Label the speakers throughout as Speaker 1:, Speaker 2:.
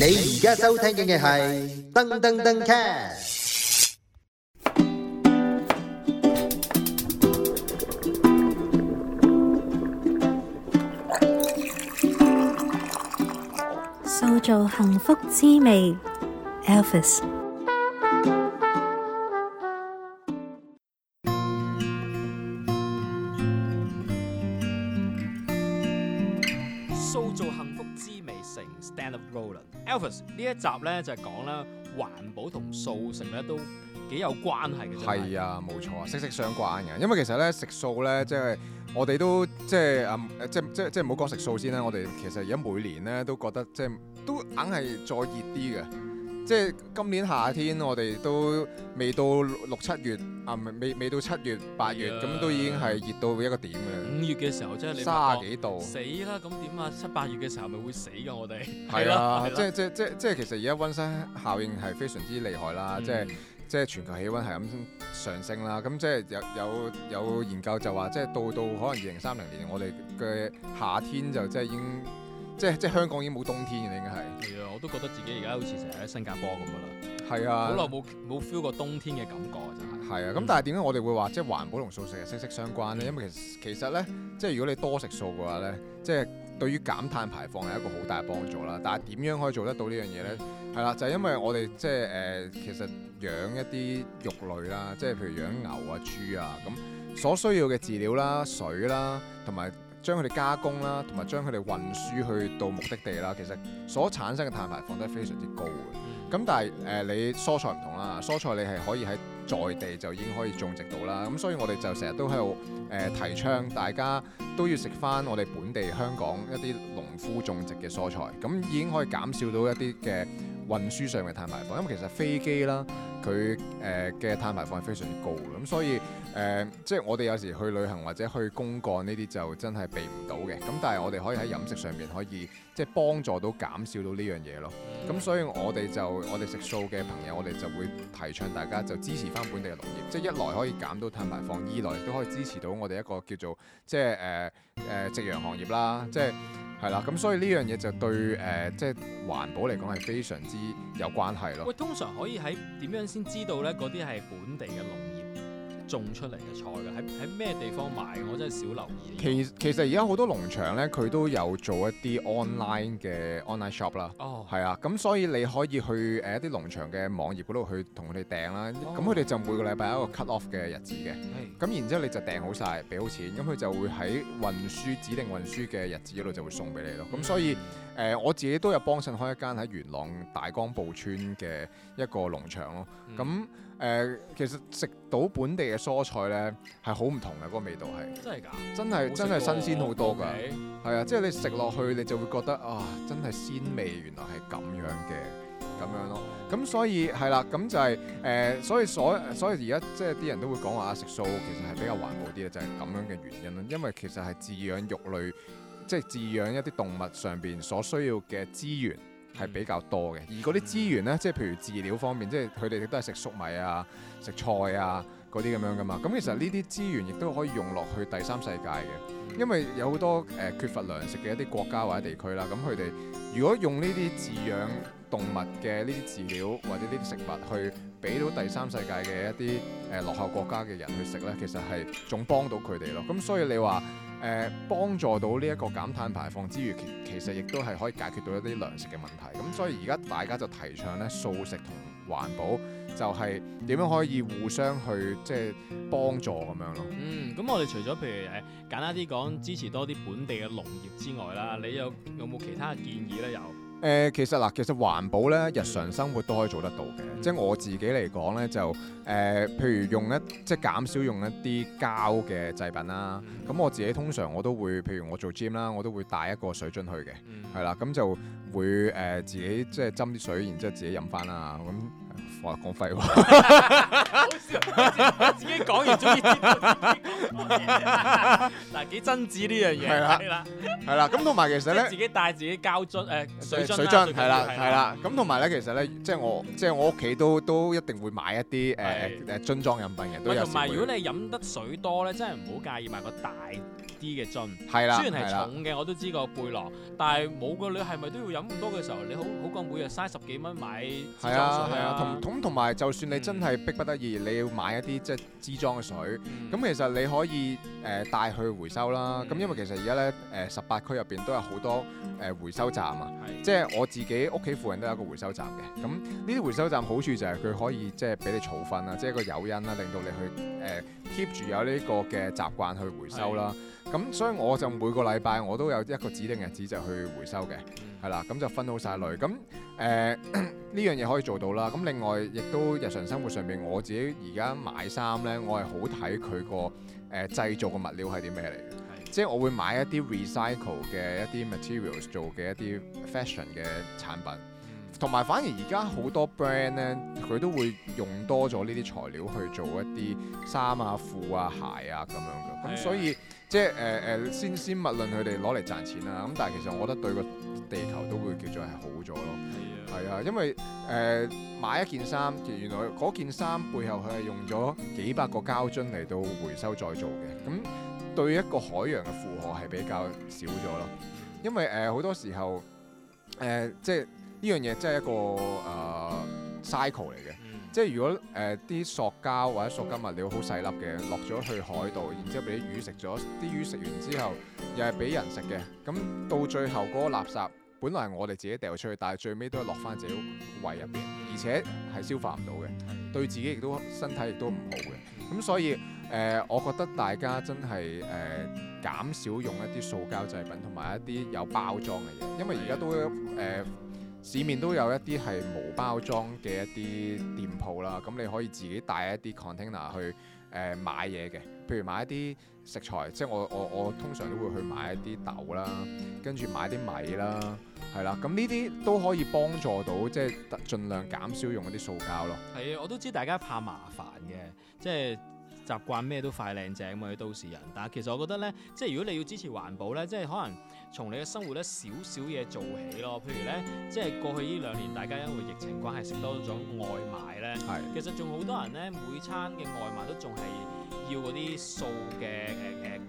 Speaker 1: 你而家收聽嘅係燈登登 cat，
Speaker 2: 塑造幸福滋味，Elvis。Alfie 呢一集咧就係、是、講啦，環保同素食咧都幾有關係嘅，係
Speaker 1: 啊冇錯啊，息息相關嘅，因為其實咧食素咧、即係即係嗯、即係我哋都即係誒即即即唔好講食素先啦，我哋其實而家每年咧都覺得即係都硬係再熱啲嘅。即係今年夏天，我哋都未到六七月啊，未未到七月八月，咁的都已經係熱到一個點嘅。五月嘅時候即係你三十幾度，死
Speaker 2: 啦！咁點啊？七八月嘅時候咪會死㗎？我哋係啊，即
Speaker 1: 係即即即係，其實而家溫室效應係非常之厲害啦、嗯。即係即係全球氣溫係咁上升啦。咁即係有有有、有研究就話，即係到到可能二零三零年，我哋嘅夏天就即係已經。即係即係香港已經冇冬天嘅，應該係。係啊，我都覺得自己而家好似成日喺新加坡咁噶啦。係啊的。好耐冇冇 feel 過冬天嘅感覺就真係。啊的，咁、嗯、但係點解我哋會話即係環保同素食係息息相關咧？因為其實其實咧，即係如果你多食素嘅話咧，即係對於減碳排放係一個好大幫助啦。但係點樣可以做得到呢樣嘢咧？係啦，就係、因為我哋即係誒、呃，其實養一啲肉類啦，即係譬如養牛啊、豬啊咁，所需要嘅飼料啦、水啦，同埋。將佢哋加工啦，同埋將佢哋運輸去到目的地啦，其實所產生嘅碳排放都係非常之高嘅。咁但係誒、呃，你蔬菜唔同啦，蔬菜你係可以喺在，在地就已經可以種植到啦。咁所以我哋就成日都喺度誒提倡，大家都要食返我哋本地香港一啲農夫種植嘅蔬菜，咁已經可以減少到一啲嘅運輸上嘅碳排放，因為其實飛機啦佢。誒嘅碳排放係非常之高嘅，咁所以誒，即、呃、係、就是、我哋有時去旅行或者去公幹呢啲就真係避唔到嘅。咁但係我哋可以喺飲食上面可以即係、就是、幫助到減少到呢樣嘢咯。咁所以我哋就我哋食素嘅朋友，我哋就會提倡大家就支持翻本地嘅農業，即、就、係、是、一來可以減到碳排放，二來都可以支持到我哋一個叫做即係誒誒夕陽行業啦，即、就、係、是。係啦，咁所以呢樣嘢就對誒、呃，即係環保嚟講係非常之有關係咯。喂，
Speaker 2: 通常可以喺點樣先知道咧？嗰啲係本地嘅農。種出嚟嘅菜嘅，喺喺咩地方買？我真係少留意。
Speaker 1: 其其實而家好多農場呢，佢都有做一啲 online 嘅 online shop 啦。哦。係啊，咁所以你可以去誒一啲農場嘅網頁嗰度去同佢哋訂啦。咁佢哋就每個禮拜有一個 cut off 嘅日子嘅。咁、oh. 然之後你就訂好晒，俾好錢，咁佢就會喺運輸指定運輸嘅日子嗰度就會送俾你咯。咁、oh. 所以誒、呃，我自己都有幫襯開一間喺元朗大江埔村嘅一個農場咯。咁、oh.。誒、呃，其實食到本地嘅蔬菜咧，係好唔同嘅，嗰個味道係，真係㗎，真係是真係新鮮好多㗎，係 Okay. 啊，即係你食落去，你就會覺得啊，真係鮮味，原來係咁樣嘅，咁樣咯，咁所以係啦，咁、啊、就係、是、誒、呃，所以所所以而家即係啲人都會講話食素，其實係比較環保啲嘅，就係、是、咁樣嘅原因咯，因為其實係飼養肉類，即係飼養一啲動物上邊所需要嘅資源。係比較多嘅，而嗰啲資源呢，即係譬如飼料方面，即係佢哋亦都係食粟米啊、食菜啊嗰啲咁樣噶嘛。咁其實呢啲資源亦都可以用落去第三世界嘅，因為有好多誒、呃、缺乏糧食嘅一啲國家或者地區啦。咁佢哋如果用呢啲飼養動物嘅呢啲飼料或者呢啲食物去，俾到第三世界嘅一啲誒落後國家嘅人去食呢，其實係仲幫到佢哋咯。咁所以你話誒、呃、幫助到呢一個減碳排放之餘，其其實亦都係可以解決到一啲糧食嘅問題。咁所以而家大家就提倡呢，素食同環保，就係點樣可以互相去即係、就是、幫助咁樣咯。嗯，
Speaker 2: 咁我哋除咗譬如誒簡單啲講支持多啲本地嘅農業之外啦，你有有冇其他嘅建議呢？有。
Speaker 1: 誒、呃、其實嗱，其實環保咧，日常生活都可以做得到嘅。嗯、即係我自己嚟講咧，就誒、呃，譬如用一即係減少用一啲膠嘅製品啦。咁、嗯、我自己通常我都會，譬如我做 gym 啦，我都會帶一個水樽去嘅，係、嗯、啦。咁就會誒、呃、自己即係斟啲水，然之後自己飲翻啦。咁。我講廢話，好笑，自己講完中意呢啲講嘢，嗱幾真摯呢樣嘢，係啦，係啦，咁同埋其實咧，自己帶
Speaker 2: 自己膠樽，誒水樽，係啦，係啦，
Speaker 1: 咁同埋咧其實咧，即係我即係我屋企都都一定會買一啲誒誒樽裝飲品嘅。唔係同埋如果你
Speaker 2: 飲得水多咧，真係唔好介意買個大啲嘅樽，係啦，雖然係重嘅我都知個背囊，但係冇個女係咪都要飲咁多嘅時候，你好好過每日嘥十幾蚊買，係啊係啊同。咁
Speaker 1: 同埋，就算你真係逼不得已，嗯、你要買一啲即係支裝嘅水，咁、嗯、其實你可以誒帶、呃、去回收啦。咁、嗯、因為其實而家咧誒十八區入邊都有好多誒、呃、回收站啊，即係的我自己屋企附近都有個回收站嘅。咁呢啲回收站好處就係佢可以即係俾你儲分啦，即係、啊就是、個誘因啦、啊，令到你去誒 keep 住有呢個嘅習慣去回收啦。咁的所以我就每個禮拜我都有一個指定日子就去回收嘅，係啦，咁就分好晒類，咁誒呢樣嘢可以做到啦。咁另外，另外亦都日常生活上面，我自己而家買衫咧，我係好睇佢個誒製造嘅物料係啲咩嚟嘅，的即係我會買一啲 recycle 嘅一啲 materials 做嘅一啲 fashion 嘅產品，同埋、嗯、反而而家好多 brand 咧，佢都會用多咗呢啲材料去做一啲衫啊、褲啊、鞋啊咁樣嘅，咁的所以即係誒誒先先勿論佢哋攞嚟賺錢啦，咁但係其實我覺得對個地球都會叫做係好咗咯。係啊，因為誒、呃、買一件衫，其原來嗰件衫背後佢係用咗幾百個膠樽嚟到回收再做嘅，咁對一個海洋嘅負荷係比較少咗咯。因為誒好、呃、多時候誒即係呢樣嘢，即係一個誒、呃、cycle 嚟嘅。即係如果誒啲塑膠或者塑膠物料好細粒嘅，落咗去海度，然之後俾啲魚食咗，啲魚食完之後又係俾人食嘅，咁到最後嗰個垃圾。本來我哋自己掉出去，但係最尾都係落翻自己胃入面，而且係消化唔到嘅，對自己亦都身體亦都唔好嘅。咁所以誒、呃，我覺得大家真係誒、呃、減少用一啲塑膠製品同埋一啲有包裝嘅嘢，因為而家都誒、呃、市面都有一啲係無包裝嘅一啲店鋪啦。咁你可以自己帶一啲 container 去。誒、呃、買嘢嘅，譬如買一啲食材，即係我我我通常都會去買一啲豆啦，跟住買啲米啦，係啦，咁呢啲都可以幫助到，即、就、係、是、盡量減少用嗰啲塑膠咯。
Speaker 2: 係啊，我都知大家怕麻煩嘅，即係。習慣咩都快靚正嘛，啲都市人。但係其實我覺得咧，即係如果你要支持環保咧，即係可能從你嘅生活咧少少嘢做起咯。譬如咧，即係過去呢兩年，大家因為疫情關係食多咗外賣咧，係。其實仲好多人咧，每餐嘅外賣都仲係。要嗰啲塑嘅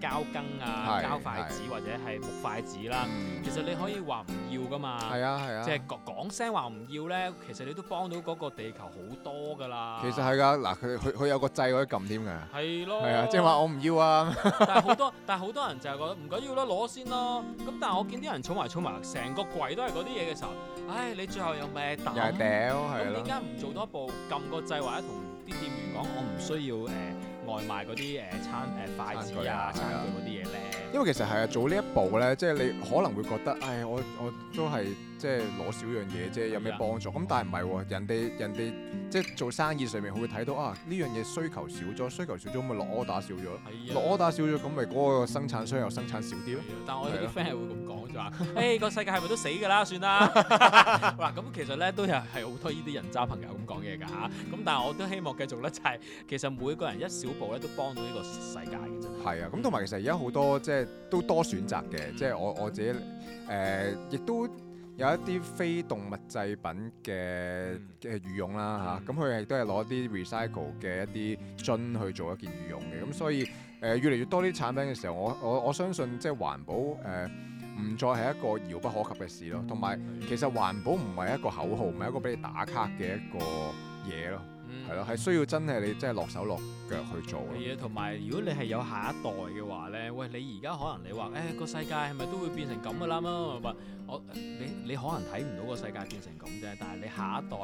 Speaker 2: 誒誒膠羹啊、膠筷子或者係木筷子啦，其實你可以話唔要噶嘛，係啊係啊，即係講講聲話唔要咧，其實你都幫到嗰個地球好多噶啦。其實係
Speaker 1: 㗎，嗱佢佢佢有個掣可以撳添㗎。係咯，係啊，即係話我唔要啊。但係
Speaker 2: 好多，但係好多人就係覺得唔緊要啦，攞先咯。咁但係我見啲人儲埋儲埋，成個櫃都係嗰啲嘢嘅時候，唉，你最後有咩打又係屌係咯？點解唔做多步撳個掣或者同啲店員講我唔需要誒？外賣嗰啲誒餐誒快、呃、餐具啊餐館嗰啲嘢咧，
Speaker 1: 啊、因為其實係啊做呢一步咧，即係你可能會覺得，唉，我我都係。即係攞少樣嘢，即係的有咩幫助咁？嗯、但係唔係人哋家人哋即係做生意上面會，會睇到啊呢樣嘢需求少咗，需求少咗咪落 order 少咗咯。落 order 少咗咁咪嗰個生產商又生產少啲咯。但係我哋啲 friend
Speaker 2: 係會咁講，就話誒個世界係咪都死㗎啦？算啦嗱，咁 其實咧都有係好多呢啲人渣朋友咁講嘢㗎吓。咁、啊、但係我都希望繼續咧、就係，就係其實每一個人一小步咧，都幫到呢個世界嘅真
Speaker 1: 係係啊。咁同埋其實而家好多即係、就係、都多選擇嘅，即係、嗯嗯就係、我我自己誒亦、呃、都。有一啲非動物製品嘅嘅羽絨啦嚇，咁佢亦都係攞啲 recycle 嘅一啲樽去做一件羽絨嘅，咁所以誒、呃、越嚟越多啲產品嘅時候，我我我相信即係環保誒唔、呃、再係一個遙不可及嘅事咯，同埋、嗯、其實環保唔係一個口號，唔係一個俾你打卡嘅一個嘢咯。係咯，係需要真係你即係落手落腳去做
Speaker 2: 嘅嘢。同埋如果你係有下一代嘅話咧，喂，你而家可能你話，誒，個世界係咪都會變成咁噶啦？咪，我你你可能睇唔到個世界變成咁啫，但係你下一代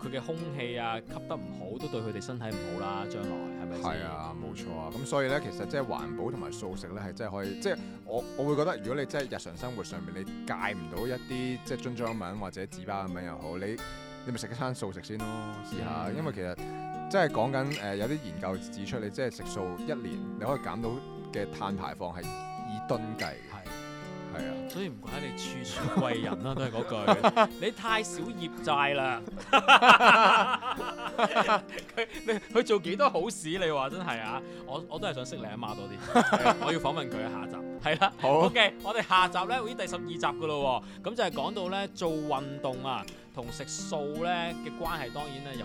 Speaker 2: 佢嘅空氣啊
Speaker 1: 吸得唔好，都對佢哋身體唔好啦。將來係咪先？係啊，冇錯啊。咁所以咧，其實即係環保同埋素食咧，係真係可以，即係我我會覺得，如果你真係日常生活上面你戒唔到一啲即係樽裝文或者紙包文又好，你。你咪食一餐素食先咯，哦，試下，嗯、因為其實即係講緊誒有啲研究指出，你即係食素一年你可以減到嘅碳排放係以噸計嘅。係啊的，的所以唔怪你處處貴人啦、啊， 都係嗰句，你太少
Speaker 2: 業債啦。 佢你佢做幾多好事？你話真係啊！我我都係想識你阿媽，媽多啲， 我要訪問佢啊！下集係啦，好 OK，我哋下集咧會第十二集噶咯喎，咁就係講到咧做運動啊同食素咧嘅關係，當然咧有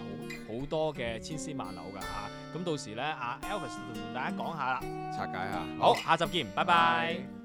Speaker 2: 好多嘅千絲萬縷㗎吓、啊，咁到時咧阿 Elvis 同大家講下啦，拆解下。好，好，下集見，拜拜。